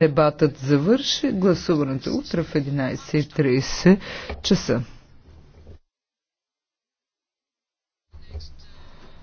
Дебатът завърши. Гласуването утре в 11.30 часа.